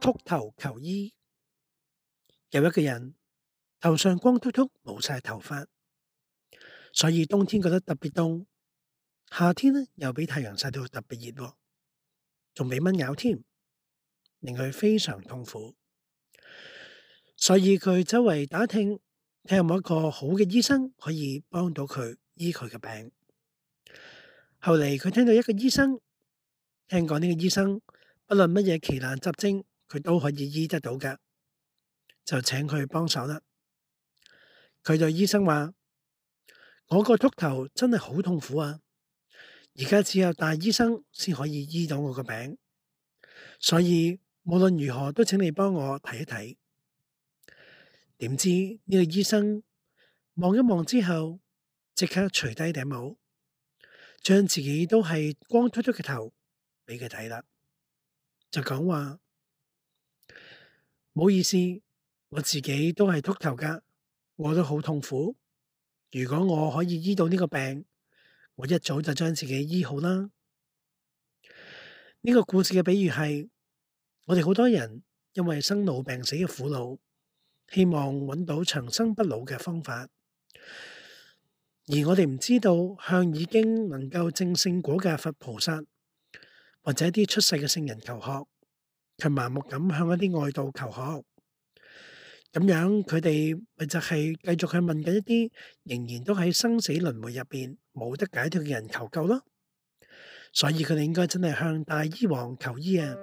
禿頭求醫，有一個人頭上光禿禿，冇晒頭髮，所以冬天覺得特別凍，夏天咧又俾太陽晒到特別熱，仲俾蚊咬添，令佢非常痛苦。所以佢周圍打聽，睇有冇一個好嘅醫生可以幫到佢醫佢嘅病。後嚟佢聽到一個醫生，聽講呢個醫生不論乜嘢奇難雜症。佢都可以醫得到嘅，就請佢幫手啦。佢對醫生話：我個禿頭真係好痛苦啊！而家只有大醫生先可以醫到我個病，所以無論如何都請你幫我睇一睇。點知呢個醫生望一望之後，即刻除低頂帽，將自己都係光禿禿嘅頭俾佢睇啦，就講話。唔好意思，我自己都係禿頭㗎，我都好痛苦。如果我可以醫到呢個病，我一早就將自己醫好啦。呢個故事嘅比喻係，我哋好多人因為生老病死嘅苦惱，希望揾到長生不老嘅方法，而我哋唔知道向已經能夠證聖果嘅佛菩薩或者一啲出世嘅聖人求學。佢盲目咁向一啲外道求學，咁樣佢哋咪就係繼續去問緊一啲仍然都喺生死輪迴入邊冇得解脫嘅人求救咯，所以佢哋應該真係向大醫王求醫啊！